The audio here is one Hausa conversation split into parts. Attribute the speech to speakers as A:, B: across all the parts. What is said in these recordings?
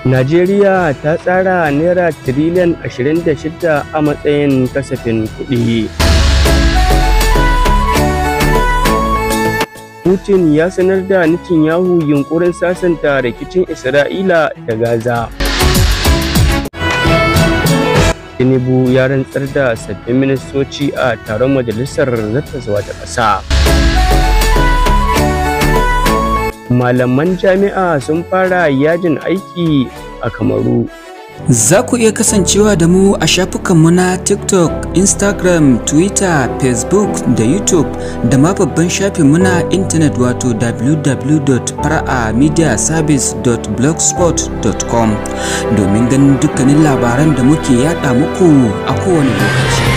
A: Najeriya ta tsara Naira tiriliyan 26 a matsayin kasafin kuɗi. Putin ya sanar da yahu yunkurin sasanta rikicin Isra'ila da Gaza. Tinubu ya rantsar da sabbin ministoci a taron majalisar zartaswa ta ƙasa. malaman jami'a sun fara yajin aiki a kamaru za ku iya kasancewa da mu a shafukanmu na tiktok instagram twitter facebook da youtube da ma babban shafin muna intanet wato www.fara'amediaservice.blogspot.com domin ganin dukkanin labaran da muke yada muku a kowane lokaci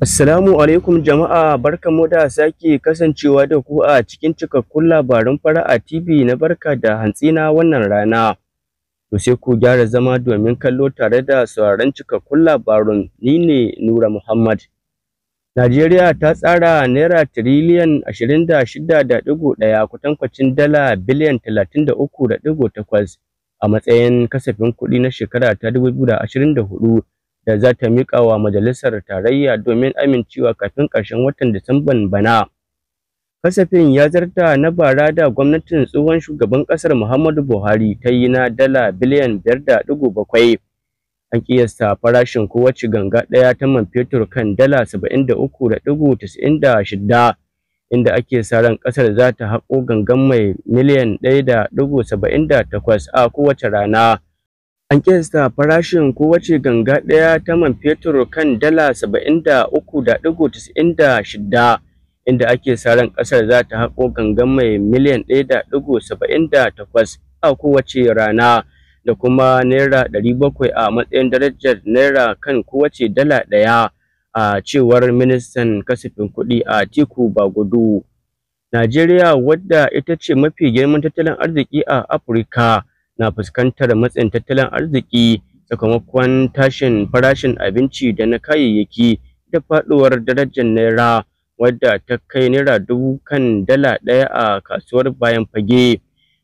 A: Assalamu alaikum jama'a mu da sake kasancewa da ku a cikin cikakkun labarin fara'a TV na barka da hantsi wannan rana. To sai ku gyara zama domin kallo tare da sauraron cikakkun labarun ni ne Nura Muhammad. Najeriya ta tsara naira tiriliyan 26.1 kwatankwacin dala biliyan 33.8 a matsayin kasafin kuɗi na shekara ta 2024. da za ta miƙa wa majalisar tarayya domin amincewa kafin ƙarshen watan Disamban bana. Kasafin ya zarta na bara da gwamnatin tsohon shugaban ƙasar Muhammadu Buhari ta yi na dala biliyan biyar da ɗigo bakwai. An ƙiyasta farashin kowace ganga ɗaya ta man fetur kan dala saba'in da uku da ɗigo tasa'in da shida, inda ake sa ran ƙasar za ta haƙo gangan mai miliyan ɗaya da ɗigo saba'in da takwas a kowace rana. An kiyasta farashin kowace ganga ɗaya ta man fetur kan dala 73.96 inda ake saran ran ƙasar za ta haƙo gangan mai miliyan 1.78 a kowace rana da kuma naira 700 a matsayin darajar naira kan kowace dala ɗaya a cewar ministan kasafin kuɗi a tiku bagudu. Najeriya wadda ita ce mafi girman tattalin arziki a Afirka na fuskantar matsin tattalin arziki sakamakon tashin farashin abinci da na kayayyaki da faduwar darajar naira wadda ta kai naira dubu kan dala ɗaya a kasuwar bayan fage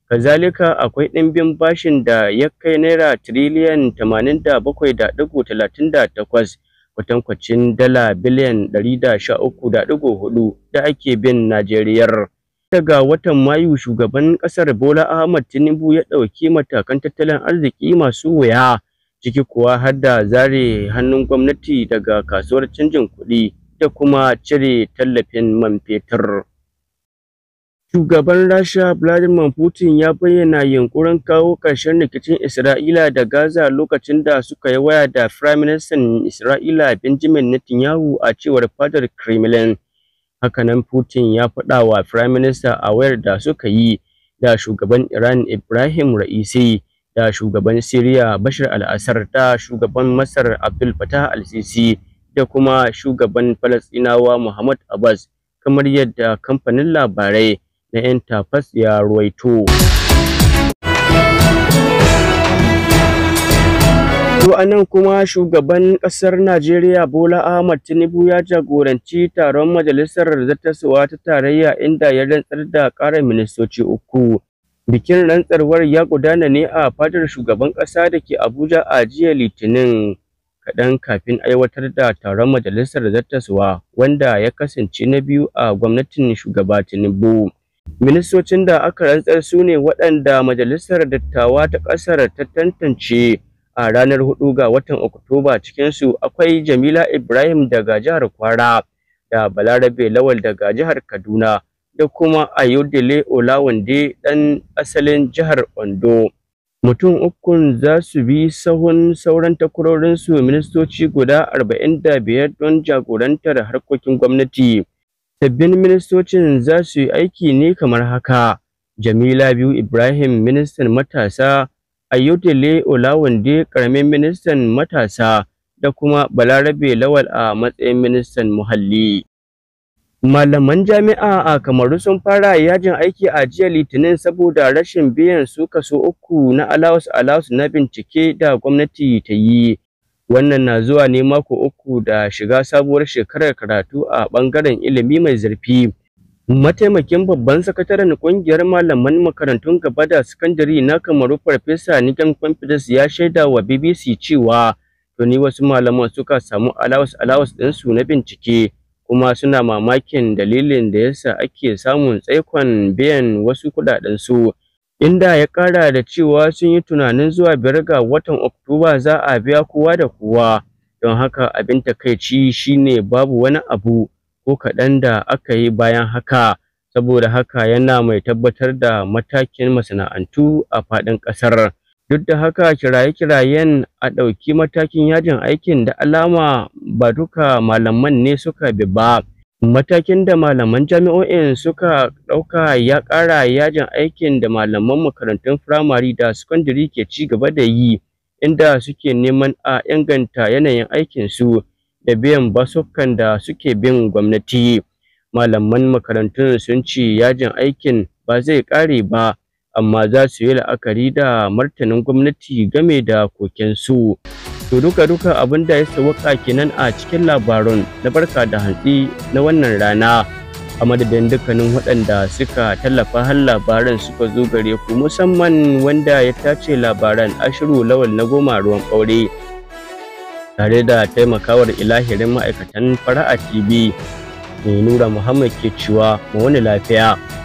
A: kazalika akwai ɗimbin bashin da ya kai naira tiriliyan tamanin da bakwai da ɗigo talatin da takwas kwatankwacin dala biliyan ɗari da sha uku da ɗigo hudu da ake bin najeriyar daga watan Mayu shugaban kasar Bola Ahmad Tinubu ya ɗauki matakan tattalin arziki masu wuya ciki kuwa har da zare hannun gwamnati daga kasuwar canjin kuɗi da kuma cire tallafin man fetur. Shugaban Rasha Vladimir Putin ya bayyana yunkurin kawo ƙarshen rikicin Isra'ila da Gaza lokacin da suka yi waya da Firaministan Isra'ila Benjamin Netanyahu a cewar fadar Kremlin. Hakanan Putin ya faɗa wa Firayim Minista a wayar da suka yi da shugaban Iran Ibrahim Ra'isi da shugaban Syria Bashar al-Assad da shugaban Masar Abdul Fattah al-Sisi da kuma shugaban Falasɗinawa Muhammad Abbas kamar yadda kamfanin labarai na 'yan tafas ya ruwaito. a nan kuma shugaban ƙasar Najeriya Bola Ahmad Tinubu ya jagoranci taron majalisar da ta tarayya inda ya rantsar da ƙarin ministoci uku. Bikin rantsarwar ya gudana ne a fadar shugaban ƙasa da ke Abuja a jiya Litinin kaɗan kafin aiwatar da taron majalisar suwa, wanda ya kasance na biyu a gwamnatin shugaba Tinubu. Ministocin da aka rantsar su ne waɗanda majalisar dattawa ta ƙasar ta tantance a ranar hudu ga watan Oktoba cikin su akwai Jamila Ibrahim daga jihar Kwara da Balarabe Lawal daga jihar Kaduna da kuma Ayodele Olawande dan asalin jihar Ondo. Mutum ukun za su bi sahun sauran takwarorinsu ministoci guda 45 don jagorantar harkokin gwamnati. Sabbin ministocin za su yi aiki ne kamar haka. Jamila Biyu Ibrahim ministan matasa Ayotele Olawunde karamin ministan matasa da kuma Balarabe Lawal a matsayin ministan muhalli. Malaman jami'a a Kamaru sun fara yajin aiki a jiya Litinin saboda rashin biyan su kaso uku na allowance allowance na bincike da gwamnati ta yi. Wannan na zuwa ne mako uku da shiga sabuwar shekarar karatu a ɓangaren ilimi mai zurfi. Mataimakin babban sakataren kungiyar malaman makarantun gaba da sakandare na Kamaru Farfesa Nigan Confidence ya shaida wa BBC cewa tuni wasu malaman suka samu alawas alawas ɗinsu na bincike kuma suna mamakin dalilin da yasa ake samun tsaikon biyan wasu kuɗaɗensu inda ya ƙara da cewa sun yi tunanin zuwa biyar ga watan Oktoba za a biya kowa da kowa don haka abin takaici shine babu wani abu ko kaɗan da aka yi bayan haka saboda haka yana mai tabbatar da matakin masana'antu a faɗin ƙasar duk da haka kiraye-kirayen a ɗauki matakin yajin aikin da alama ba duka malaman ne suka bi ba matakin da malaman jami'o'in suka ɗauka ya ƙara yajin aikin da malaman makarantun firamare da sakandare ke ci gaba da yi inda suke neman a inganta yanayin aikinsu da biyan basukan da suke bin gwamnati malaman makarantun sun ce yajin aikin ba zai ƙare ba amma za su yi la'akari da martanin gwamnati game da kokensu to duka duka abin da ya sawaka kenan a cikin labarun na barka da hantsi na wannan rana a madadin dukkanin waɗanda suka tallafa har labaran suka zo gare ku musamman wanda ya tace labaran ashiru lawal na goma ruwan ɓaure. tare da taimakawar ilahirin ma'aikatan fara'a tv mai nura muhammad ke cewa mu wani lafiya